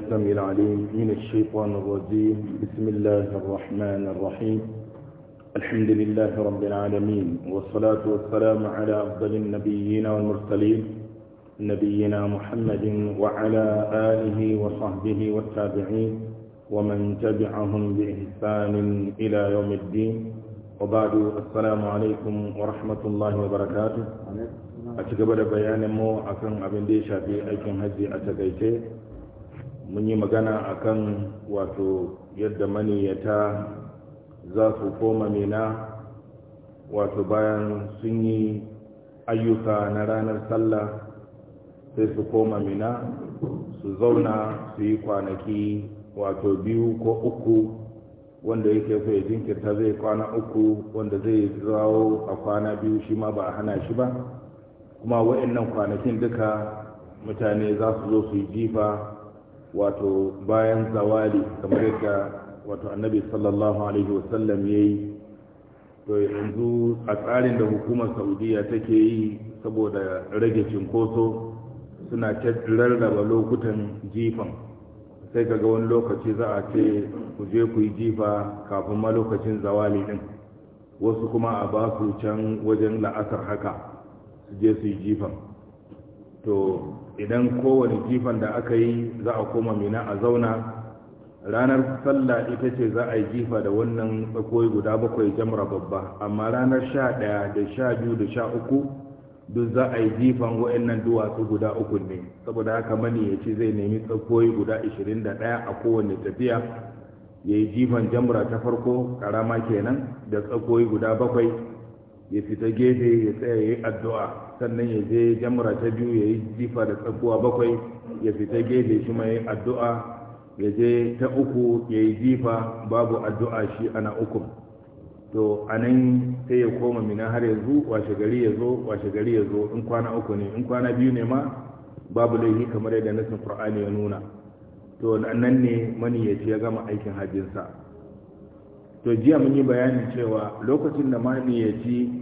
السميع العليم من الشيطان الرجيم بسم الله الرحمن الرحيم الحمد لله رب العالمين والصلاة والسلام على أفضل النبيين والمرسلين نبينا محمد وعلى آله وصحبه والتابعين ومن تبعهم بإحسان إلى يوم الدين وبعد السلام عليكم ورحمة الله وبركاته أتكبر بيان مو أكن أبن ديشا في أيكم هزي أتكيتي mun yi magana akan wato yadda maniyyata za su koma mina wato bayan sun yi ayyuka na ranar sallah sai su koma mina su zauna su yi kwanaki wato biyu ko uku wanda yake so ya jinkirta zai kwana uku wanda zai zawo a kwana biyu shi ma ba a hana shi ba kuma wa'annan kwanakin duka mutane za su zo su yi jifa wato bayan zawali kamar yadda wato annabi sallallahu alaihi wasallam ya yi to yanzu a tsarin da hukumar saudiya take yi saboda rage cinkoso suna rarraba lokutan jifan sai kaga wani lokaci za a ce ku je ku yi jifa kafin ma lokacin zawali din wasu kuma a ba su can wajen la'asar haka su je su yi jifan to idan kowane jifan da aka yi za a koma mina a zauna ranar sallah ita ce za a yi jifa da wannan tsakoyi guda bakwai jamra babba amma ranar sha ɗaya da sha biyu da sha uku duk za a yi jifan wa'annan duwatsu guda uku ne saboda haka mani ya ce zai nemi tsakoyi guda ishirin da ɗaya a kowane tafiya ya yi jifan jamra ta farko ƙarama kenan da tsakoyi guda bakwai ya fita gefe ya tsaya ya yi addu'a sannan ya je jamura ta biyu ya yi jifa da tsakuwa bakwai ya fita gefe shi ma ya yi addu'a ya je ta uku ya yi jifa babu addu'a shi ana uku to a nan sai ya koma mina har yanzu washe gari ya zo washe gari ya zo in kwana uku ne in kwana biyu ne ma babu laifi kamar yadda nasin qur'ani ya nuna to nan ne maniyaci ya gama aikin hajjinsa to jiya mun yi bayanin cewa lokacin da mali ya ji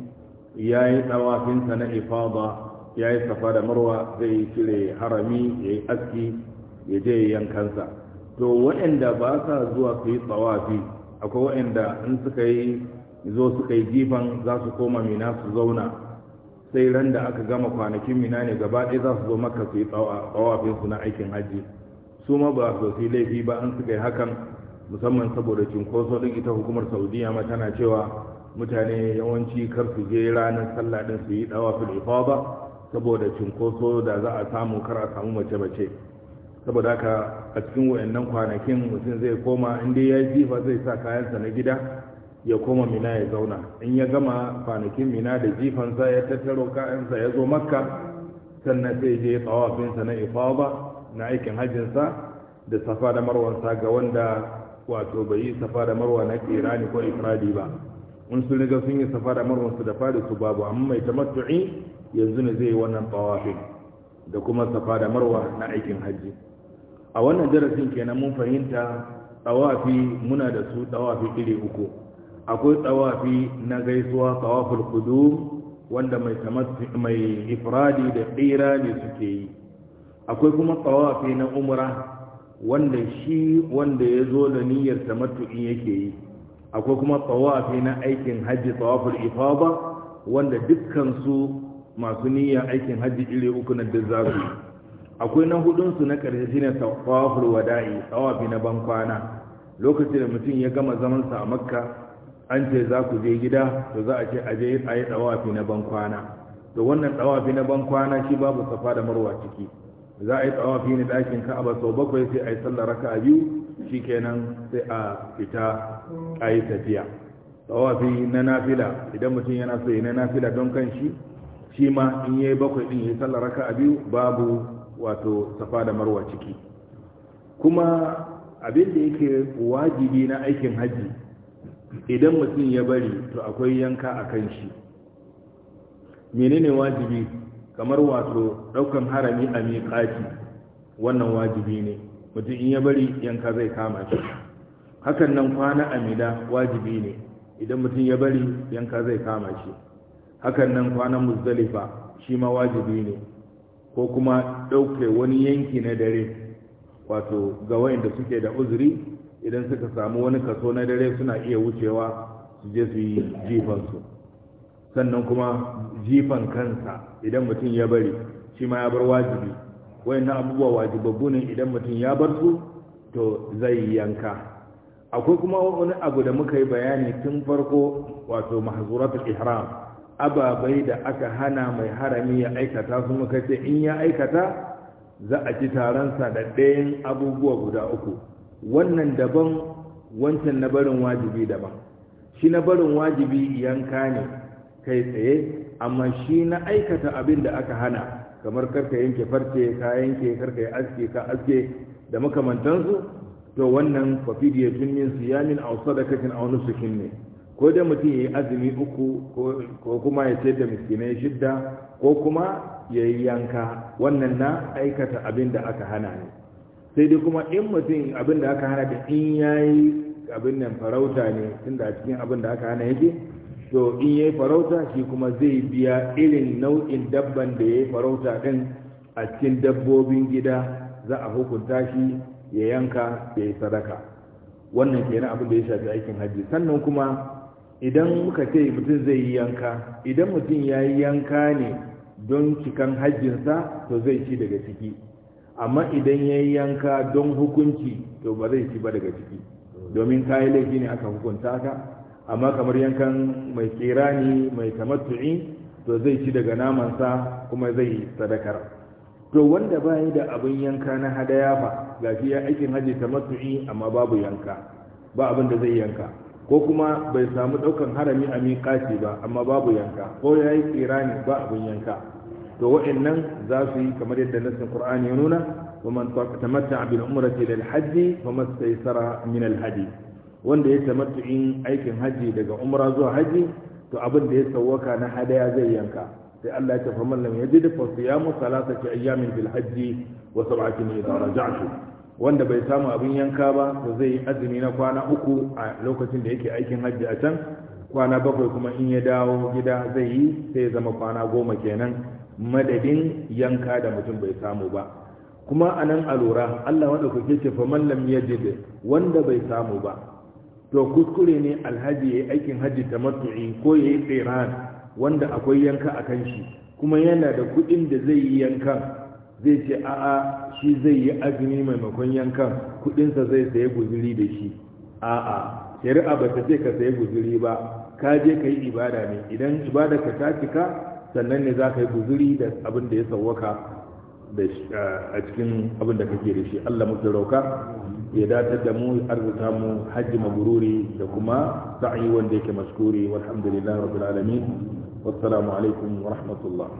ya yi tsawafinsa na ifada ya yi safa da marwa zai cire harami ya yi aski ya je yankansa to waɗanda ba sa zuwa su yi tsawafi akwai waɗanda in suka yi zo suka yi jifan za su koma mina su zauna sai ran da aka gama kwanakin mina ne gaba ɗaya za su zo maka su yi tsawafinsu na aikin hajji su ma ba su laifi ba an suka yi hakan musamman saboda cinkoso ɗin ita hukumar saudiya ma tana cewa mutane yawanci kar su je ranar sallah ɗin su yi ɗawa fil ifada saboda cinkoso da za a samu kar a samu mace mace saboda haka a cikin wayannan kwanakin mutum zai koma in dai ya fa zai sa kayansa na gida ya koma mina ya zauna in ya gama kwanakin mina da jifansa ya tattaro kayansa ya zo makka sannan sai je tsawafinsa na ifada na aikin hajjinsa da safa da marwansa ga wanda wato bai yi safa da marwa na kirani ko ifradi ba in sun riga sun yi safa da marwa su da fari su babu amma mai tamattu'i yanzu ne zai yi wannan tawafin da kuma safa da marwa na aikin hajji a wannan darasin kenan mun fahimta tawafi muna da su tawafi iri uku akwai tawafi na gaisuwa tawaful qudum wanda mai mai ifradi da ne suke yi akwai kuma tawafi na umra wanda shi wanda ya zo da niyyar tamattu'i yake yi akwai kuma tsawafi na aikin hajji tsawafin ifada wanda dukkan su masu niyyar aikin hajji iri uku na duk za su akwai na hudun su na karshe shine tsawafin wada'i tsawafi na bankwana lokacin da mutum ya gama zaman sa a makka an ce za ku je gida to za a ce a je a yi tsawafi na bankwana to wannan tsawafi na bankwana shi babu safa da marwa ciki za a yi tsawafi ne ɗakin ba sau bakwai sai a yi sallar raka biyu shi kenan sai a fita a yi tafiya tsawafi na nafila idan mutum yana so yi na nafila don kan shi shi ma in yi bakwai ɗin yi sallar raka biyu babu wato safa da marwa ciki kuma abin da yake wajibi na aikin hajji idan mutum ya bari to akwai yanka a kan shi menene wajibi kamar wato ɗaukan harami a miƙati wannan wajibi ne mutum in ya bari yanka zai kama shi hakan nan kwana a wajibi ne idan mutum ya bari yanka zai kama shi hakan nan kwanan muzdalifa shi ma wajibi ne ko kuma ɗauke wani yanki na dare wato ga wayanda suke da uzuri idan suka samu wani kaso na dare suna iya wucewa su je su yi jifansu sannan kuma jifan kansa idan mutum ya bari shi ma ya bar wajibi na abubuwa wajibabbu ne idan mutum ya bar su to zai yanka akwai kuma wani abu da muka yi bayani tun farko wato mahzuratul ihram ababai da aka hana mai harami ya aikata su muka ce in ya aikata za a ci taronsa da ɗayan abubuwa guda uku wannan daban wancan na barin wajibi daban shi na barin wajibi yanka ne kai tsaye amma shi na aikata abin da aka hana kamar karka yanke farce ka yanke karka yi aske ka aske da makamantansu to wannan fafidiya tun min da kakin a wani sukin ne ko da mutum ya yi azumi uku ko kuma ya ce da miskinai shidda ko kuma ya yi yanka wannan na aikata abin da aka hana ne sai dai kuma in mutum abin da aka hana da in ya yi abin nan farauta ne tun da cikin abin da aka hana yake to in yayi farauta shi kuma zai biya irin nau'in dabban da yayi farauta din a cikin dabbobin gida za a hukunta shi ya yanka ya yi sadaka wannan kenan abin da ya shafi aikin hajji sannan kuma idan muka ce mutum zai yi yanka idan mutum ya yi yanka ne don cikan hajjinsa to zai ci daga ciki amma idan ya yi yanka don hukunci to ba zai ci ba daga ciki domin kayi laifi ne aka hukunta ka amma kamar yankan mai kirani mai tamattu'i to zai ci daga namansa kuma zai sadakar to wanda baya da abin yanka na hadaya ba shi ya aikin haji tamattu'i amma babu yanka ba abin da zai yanka ko kuma bai samu daukan harami a miƙaci ba amma babu yanka ko ya yi kirani ba abin yanka to wa'annan za su yi kamar yadda nassin qur'ani ya nuna bil umrati lil إلى fa mastaysara min al الهدي wanda ya tamattu'in aikin haji daga umra zuwa haji to abin da ya sauwaka na hadaya zai yanka sai Allah ya tafi man lam yajid fa siyamu salasati ayyamin fil haji wa sab'atin idha raja'tu wanda bai samu abin yanka ba to zai yi azumi na kwana uku a lokacin da yake aikin hajji a can kwana bakwai kuma in ya dawo gida zai yi sai ya zama kwana goma kenan madadin yanka da mutum bai samu ba kuma anan a lura Allah wanda kuke ce fa man lam yajid wanda bai samu ba to kuskure ne alhaji ya aikin hajji ta matu'i ko ya yi tsiran wanda akwai yanka a kan shi kuma yana da kuɗin da zai yi yankan zai ce a'a shi zai yi azumi maimakon yankan kuɗinsa zai saya guzuri da shi a'a shari'a ba ta ce ka saya guzuri ba ka je ka yi ibada ne idan ibada ka ta cika sannan ne za ka yi guzuri da abin da ya sauwaka a cikin abin da kake da shi Allah mutu rauka ya datar da mu arzuta mu hajji mabruri da kuma sa'i wanda yake maskuri walhamdulillah rabbil alamin wassalamu alaikum wa rahmatullah